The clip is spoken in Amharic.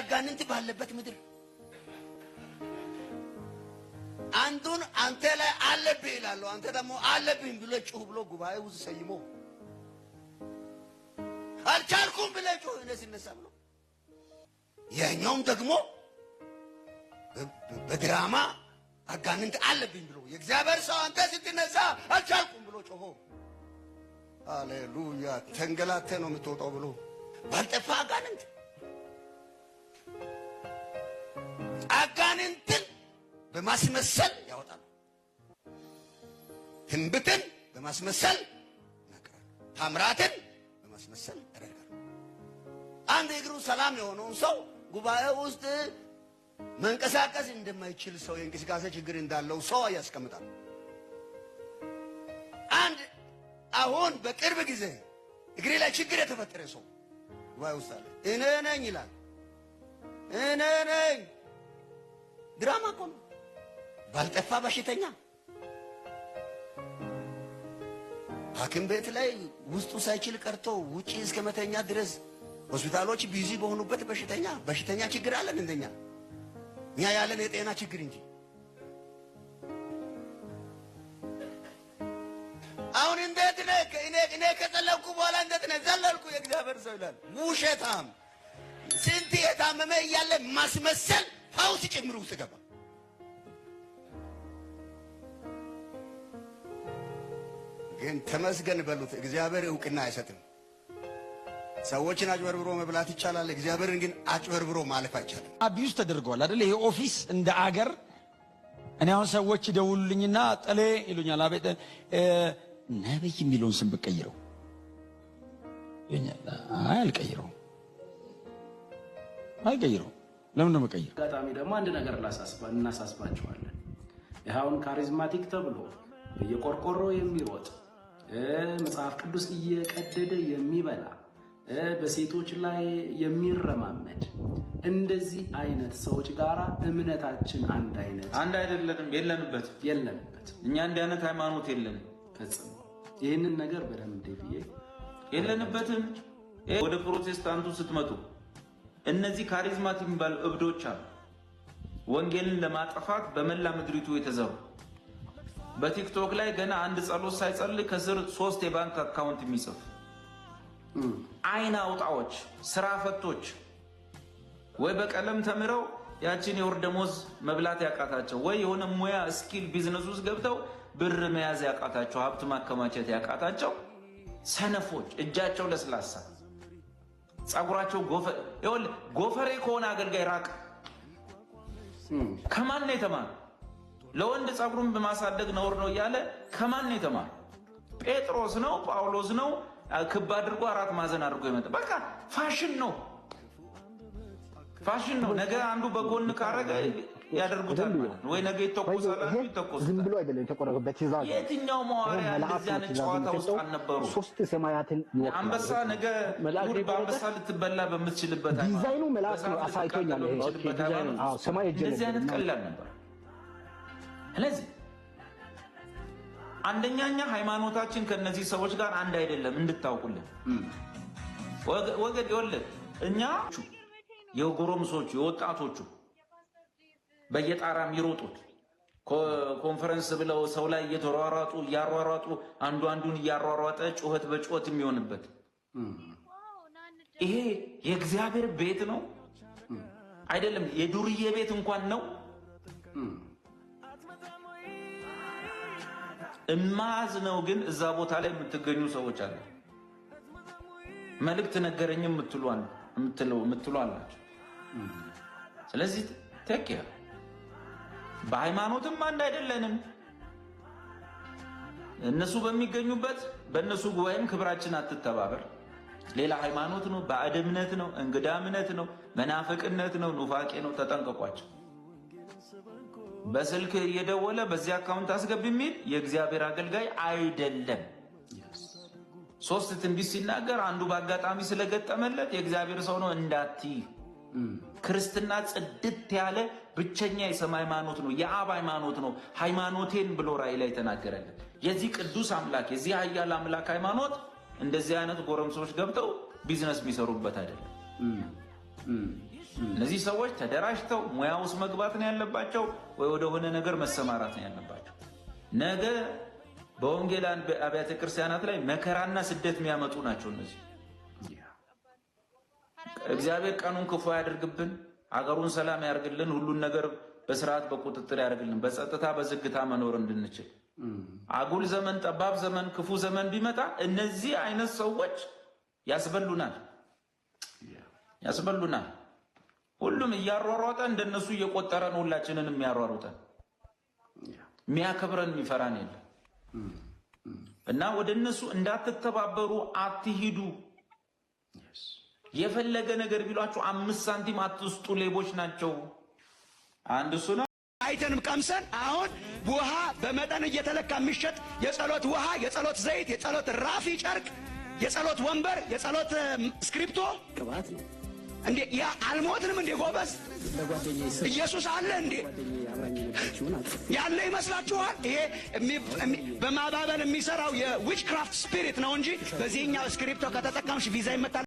አጋንንት ባለበት ምድር አንዱን አንተ ላይ አለብህ ይላሉ። አንተ ደግሞ አለብኝ ብሎ ጩህ ብሎ ጉባኤ ውስጥ ሰይሞ አልቻልኩም ብለ ጩህ እነ ሲነሳ ብሎ ያኛውም ደግሞ በድራማ አጋንንት አለብኝ ብሎ የእግዚአብሔር ሰው አንተ ስትነሳ አልቻልኩም ብሎ ጮሆ ሃሌሉያ ተንገላተ ነው የምትወጣው ብሎ ባልጠፋ አጋንንት አጋንንትን በማስመሰል ያወጣሉ። ትንብትን በማስመሰል ይናገራሉ። ታምራትን በማስመሰል ያደርጋሉ። አንድ እግሩ ሰላም የሆነውን ሰው ጉባኤ ውስጥ መንቀሳቀስ እንደማይችል ሰው የእንቅስቃሴ ችግር እንዳለው ሰው ያስቀምጣል። አንድ አሁን በቅርብ ጊዜ እግሬ ላይ ችግር የተፈጠረ ሰው ጉባኤ ውስጥ አለ። እኔ ነኝ ይላል። እኔ ነኝ ድራማ እኮ ነው። ባልጠፋ በሽተኛ ሐኪም ቤት ላይ ውስጡ ሳይችል ቀርቶ ውጪ እስከ መተኛ ድረስ ሆስፒታሎች ቢዚ በሆኑበት በሽተኛ በሽተኛ ችግር አለን እንደኛ እኛ ያለን የጤና ችግር እንጂ አሁን እንዴት ነ እኔ ከጸለብኩ በኋላ እንዴት ነ ዘለልኩ የእግዚአብሔር ሰው ይላል። ውሸታም ስንት የታመመ እያለ ማስመሰል ፈውስ ሲጨምሩ ስገባ ግን ተመስገን በሉት። እግዚአብሔር እውቅና አይሰጥም። ሰዎችን አጭበርብሮ መብላት ይቻላል። እግዚአብሔርን ግን አጭበርብሮ ማለፍ አይቻልም። አቢዩዝ ተደርገዋል አይደል? ይሄ ኦፊስ እንደ አገር እኔ አሁን ሰዎች ይደውሉልኝና ጠሌ ይሉኛል። አቤት ነብይ የሚለውን ስም ብቀይረው ይሉኛል። አይ አልቀይረውም፣ አልቀይረውም ለምን ነው መቀየር? አጋጣሚ ደግሞ አንድ ነገር እናሳስባቸዋለን። ይኸውን ካሪዝማቲክ ተብሎ እየቆርቆሮ የሚሮጥ መጽሐፍ ቅዱስ እየቀደደ የሚበላ በሴቶች ላይ የሚረማመድ እንደዚህ አይነት ሰዎች ጋር እምነታችን አንድ አይነት አንድ አይደለንም። የለንበት የለንበት እኛ እንዲህ አይነት ሃይማኖት የለን ፈጽሞ። ይህንን ነገር በደንብ ብዬ የለንበትም። ወደ ፕሮቴስታንቱ ስትመጡ እነዚህ ካሪዝማት የሚባሉ እብዶች አሉ። ወንጌልን ለማጥፋት በመላ ምድሪቱ የተዘሩ በቲክቶክ ላይ ገና አንድ ጸሎት ሳይጸልይ ከስር ሶስት የባንክ አካውንት የሚጽፍ አይን አውጣዎች፣ ስራ ፈቶች ወይ በቀለም ተምረው ያችን የወር ደሞዝ መብላት ያቃታቸው ወይ የሆነ ሙያ ስኪል ቢዝነስ ውስጥ ገብተው ብር መያዝ ያቃታቸው ሀብት ማከማቸት ያቃታቸው ሰነፎች እጃቸው ለስላሳ ጸጉራቸው ጎፈሬ ከሆነ አገልጋይ ራቅ። ከማን ነው የተማር? ለወንድ ጸጉሩን በማሳደግ ነውር ነው እያለ ከማን ነው የተማር? ጴጥሮስ ነው ጳውሎስ ነው ክብ አድርጎ አራት ማዕዘን አድርጎ ይመጣ በቃ ፋሽን ነው። ፋሽን ነው። ነገ አንዱ በጎን ካረገ ያደርጉታል ወይ ነገ ይተኮሳል። ይተኮሳል። ዝም ብሎ አይደለም የተቆረበት ይዛ የትኛው መዋሪያ እንደዚህ አይነት ጨዋታ ውስጥ አልነበሩ። ሶስት ሰማያትን አንበሳ ነገ ሁሉ በአንበሳ ልትበላ በምትችልበት ዲዛይኑ መልአክ ነው። አሳይቶኛል። ሰማይ እንደዚህ አይነት ቀላል ነበር። ስለዚህ አንደኛኛ ሃይማኖታችን ከነዚህ ሰዎች ጋር አንድ አይደለም እንድታውቁልን ወገድ ወለድ እኛ የጎረምሶቹ የወጣቶቹ በየጣራ የሚሮጡት ኮንፈረንስ ብለው ሰው ላይ እየተሯሯጡ እያሯሯጡ አንዱ አንዱን እያሯሯጠ ጩኸት በጩኸት የሚሆንበት ይሄ የእግዚአብሔር ቤት ነው አይደለም። የዱርዬ ቤት እንኳን ነው እማዝ ነው። ግን እዛ ቦታ ላይ የምትገኙ ሰዎች አለ መልእክት ነገረኝ የምትሉ አላቸው። ስለዚህ ቴክ በሃይማኖትም አንድ አይደለንም። እነሱ በሚገኙበት በእነሱ ጉባኤም ክብራችን አትተባበር። ሌላ ሃይማኖት ነው፣ ባዕድ እምነት ነው፣ እንግዳ እምነት ነው፣ መናፍቅነት ነው፣ ኑፋቄ ነው። ተጠንቀቋቸው። በስልክ እየደወለ በዚህ አካውንት አስገብ የሚል የእግዚአብሔር አገልጋይ አይደለም። ሶስት ትንቢት ሲናገር አንዱ በአጋጣሚ ስለገጠመለት የእግዚአብሔር ሰው ነው እንዳትይ ክርስትና ጽድት ያለ ብቸኛ የሰማ ሃይማኖት ነው፣ የአብ ሃይማኖት ነው። ሃይማኖቴን ብሎ ራእይ ላይ ተናገረልን። የዚህ ቅዱስ አምላክ የዚህ ኃያል አምላክ ሃይማኖት እንደዚህ አይነት ጎረምሶች ገብተው ቢዝነስ የሚሰሩበት አይደለም። እነዚህ ሰዎች ተደራጅተው ሙያ ውስጥ መግባት ነው ያለባቸው፣ ወይ ወደሆነ ነገር መሰማራት ነው ያለባቸው። ነገ በወንጌል አብያተ ክርስቲያናት ላይ መከራና ስደት የሚያመጡ ናቸው እነዚህ እግዚአብሔር ቀኑን ክፉ ያደርግብን፣ አገሩን ሰላም ያደርግልን፣ ሁሉን ነገር በስርዓት በቁጥጥር ያደርግልን፣ በጸጥታ በዝግታ መኖር እንድንችል። አጉል ዘመን፣ ጠባብ ዘመን፣ ክፉ ዘመን ቢመጣ እነዚህ አይነት ሰዎች ያስበሉናል ያስበሉናል። ሁሉም እያሯሯጠ እንደነሱ እየቆጠረን ሁላችንን የሚያሯሩጠን የሚያከብረን የሚፈራን የለም እና ወደ እነሱ እንዳትተባበሩ አትሂዱ። የፈለገ ነገር ቢሏችሁ አምስት ሳንቲም አትስጡ፣ ሌቦች ናቸው። አንድ እሱ ነው። አይተንም ቀምሰን አሁን ውሃ በመጠን እየተለካ የሚሸጥ የጸሎት ውሃ፣ የጸሎት ዘይት፣ የጸሎት ራፊ ጨርቅ፣ የጸሎት ወንበር፣ የጸሎት እስክሪብቶ ቅባት ነው እንዴ! ያ አልሞትንም እንዴ ጎበዝ? ኢየሱስ አለ እንዴ? ያለ ይመስላችኋል? ይሄ በማባበል የሚሰራው የዊችክራፍት ስፒሪት ነው እንጂ በዚህኛው እስክሪፕቶ ከተጠቀምሽ ቪዛ ይመጣል።